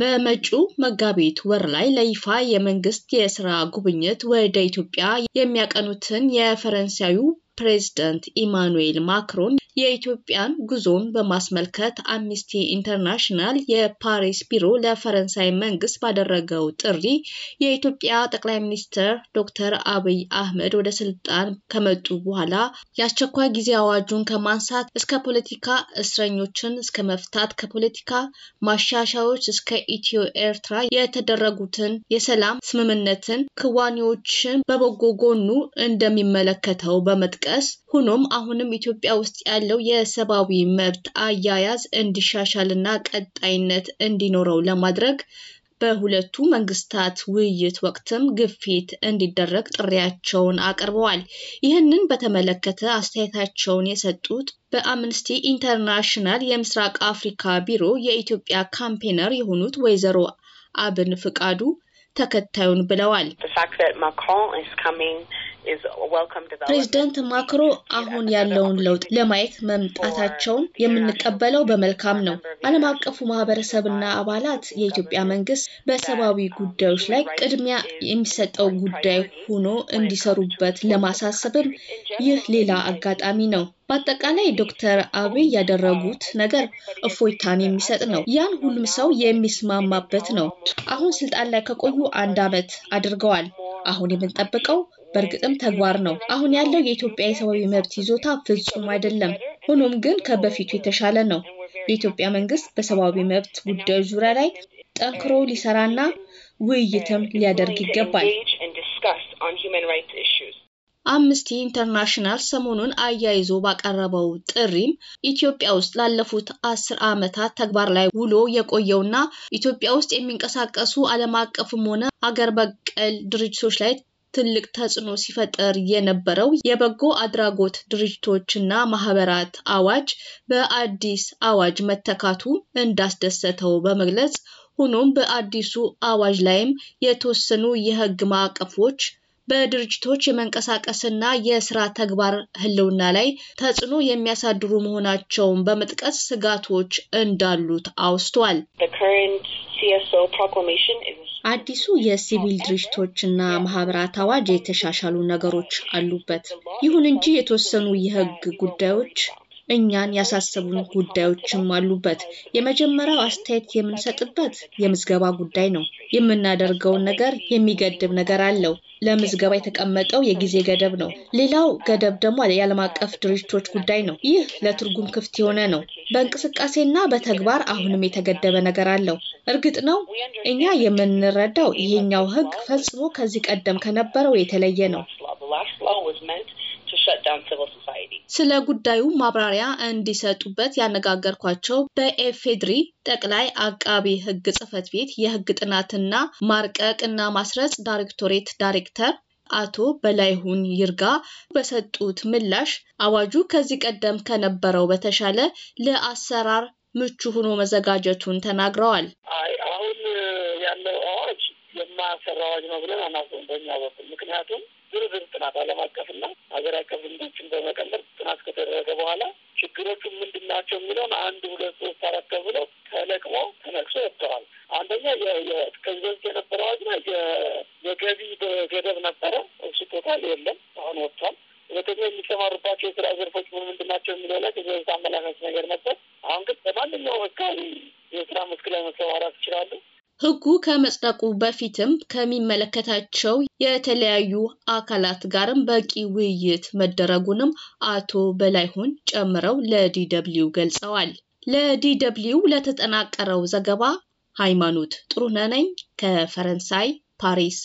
በመጪው መጋቢት ወር ላይ ለይፋ የመንግስት የስራ ጉብኝት ወደ ኢትዮጵያ የሚያቀኑትን የፈረንሳዩ ፕሬዝደንት ኢማኑኤል ማክሮን የኢትዮጵያን ጉዞን በማስመልከት አምኒስቲ ኢንተርናሽናል የፓሪስ ቢሮ ለፈረንሳይ መንግስት ባደረገው ጥሪ የኢትዮጵያ ጠቅላይ ሚኒስትር ዶክተር አብይ አህመድ ወደ ስልጣን ከመጡ በኋላ የአስቸኳይ ጊዜ አዋጁን ከማንሳት እስከ ፖለቲካ እስረኞችን እስከ መፍታት ከፖለቲካ ማሻሻዎች እስከ ኢትዮ ኤርትራ የተደረጉትን የሰላም ስምምነትን ክዋኔዎችን በበጎ ጎኑ እንደሚመለከተው በመጥቀስ ሆኖም አሁንም ኢትዮጵያ ውስጥ ያለ ያለው የሰብአዊ መብት አያያዝ እንዲሻሻልና ቀጣይነት እንዲኖረው ለማድረግ በሁለቱ መንግስታት ውይይት ወቅትም ግፊት እንዲደረግ ጥሪያቸውን አቅርበዋል። ይህንን በተመለከተ አስተያየታቸውን የሰጡት በአምነስቲ ኢንተርናሽናል የምስራቅ አፍሪካ ቢሮ የኢትዮጵያ ካምፔነር የሆኑት ወይዘሮ አብን ፍቃዱ ተከታዩን ብለዋል። ፕሬዚደንት ማክሮ አሁን ያለውን ለውጥ ለማየት መምጣታቸውን የምንቀበለው በመልካም ነው። ዓለም አቀፉ ማህበረሰብና አባላት የኢትዮጵያ መንግስት በሰብአዊ ጉዳዮች ላይ ቅድሚያ የሚሰጠው ጉዳይ ሆኖ እንዲሰሩበት ለማሳሰብም ይህ ሌላ አጋጣሚ ነው። በአጠቃላይ ዶክተር አብይ ያደረጉት ነገር እፎይታን የሚሰጥ ነው። ያን ሁሉም ሰው የሚስማማበት ነው። አሁን ስልጣን ላይ ከቆዩ አንድ ዓመት አድርገዋል። አሁን የምንጠብቀው በእርግጥም ተግባር ነው። አሁን ያለው የኢትዮጵያ የሰብአዊ መብት ይዞታ ፍጹም አይደለም። ሆኖም ግን ከበፊቱ የተሻለ ነው። የኢትዮጵያ መንግስት በሰብአዊ መብት ጉዳዩ ዙሪያ ላይ ጠንክሮ ሊሰራና ውይይትም ሊያደርግ ይገባል። አምነስቲ ኢንተርናሽናል ሰሞኑን አያይዞ ባቀረበው ጥሪም ኢትዮጵያ ውስጥ ላለፉት አስር ዓመታት ተግባር ላይ ውሎ የቆየውና ኢትዮጵያ ውስጥ የሚንቀሳቀሱ ዓለም አቀፍም ሆነ ሀገር በቀል ድርጅቶች ላይ ትልቅ ተጽዕኖ ሲፈጠር የነበረው የበጎ አድራጎት ድርጅቶችና ማህበራት አዋጅ በአዲስ አዋጅ መተካቱ እንዳስደሰተው በመግለጽ ሆኖም በአዲሱ አዋጅ ላይም የተወሰኑ የህግ ማዕቀፎች በድርጅቶች የመንቀሳቀስና የስራ ተግባር ህልውና ላይ ተጽዕኖ የሚያሳድሩ መሆናቸውን በመጥቀስ ስጋቶች እንዳሉት አውስቷል። አዲሱ የሲቪል ድርጅቶችና ማህበራት አዋጅ የተሻሻሉ ነገሮች አሉበት። ይሁን እንጂ የተወሰኑ የህግ ጉዳዮች እኛን ያሳሰቡን ጉዳዮችም አሉበት። የመጀመሪያው አስተያየት የምንሰጥበት የምዝገባ ጉዳይ ነው። የምናደርገውን ነገር የሚገድብ ነገር አለው። ለምዝገባ የተቀመጠው የጊዜ ገደብ ነው። ሌላው ገደብ ደግሞ የዓለም አቀፍ ድርጅቶች ጉዳይ ነው። ይህ ለትርጉም ክፍት የሆነ ነው። በእንቅስቃሴና በተግባር አሁንም የተገደበ ነገር አለው። እርግጥ ነው እኛ የምንረዳው ይሄኛው ህግ ፈጽሞ ከዚህ ቀደም ከነበረው የተለየ ነው። ስለ ጉዳዩ ማብራሪያ እንዲሰጡበት ያነጋገርኳቸው በኤፌድሪ ጠቅላይ አቃቢ ህግ ጽህፈት ቤት የህግ ጥናትና ማርቀቅና ማስረጽ ዳይሬክቶሬት ዳይሬክተር አቶ በላይሁን ይርጋ በሰጡት ምላሽ አዋጁ ከዚህ ቀደም ከነበረው በተሻለ ለአሰራር ምቹ ሆኖ መዘጋጀቱን ተናግረዋል። አሁን ያለው አዋጅ የማያሰራ አዋጅ ነው ብለን አናስብም በእኛ በኩል ምክንያቱም ዝርዝር ጥናት ዓለም አቀፍና ሀገር አቀፍ ልምዶችን በመቀመር ጥናት ከተደረገ በኋላ ችግሮቹ ምንድን ናቸው የሚለውን አንድ ሁለት ሶስት አራት ተብሎ ተለቅሞ ተነቅሶ ወጥተዋል። አንደኛ ከዚህ በፊት የነበረው አዋጅ ነው የገቢ ገደብ ነበረ። እሱ ቶታል የለም፣ አሁን ወጥቷል። ሁለተኛ የሚሰማሩባቸው የስራ ዘርፎች ምንድን ናቸው የሚለው ላይ ከዚህ በፊት አመላካች ነገር ነበር። በየትኛው አካባቢ የስራ መስክ ላይ መሰማራት ይችላሉ። ህጉ ከመጽደቁ በፊትም ከሚመለከታቸው የተለያዩ አካላት ጋርም በቂ ውይይት መደረጉንም አቶ በላይሆን ጨምረው ለዲደብሊው ገልጸዋል። ለዲደብሊው ለተጠናቀረው ዘገባ ሃይማኖት ጥሩነህ ነኝ ከፈረንሳይ ፓሪስ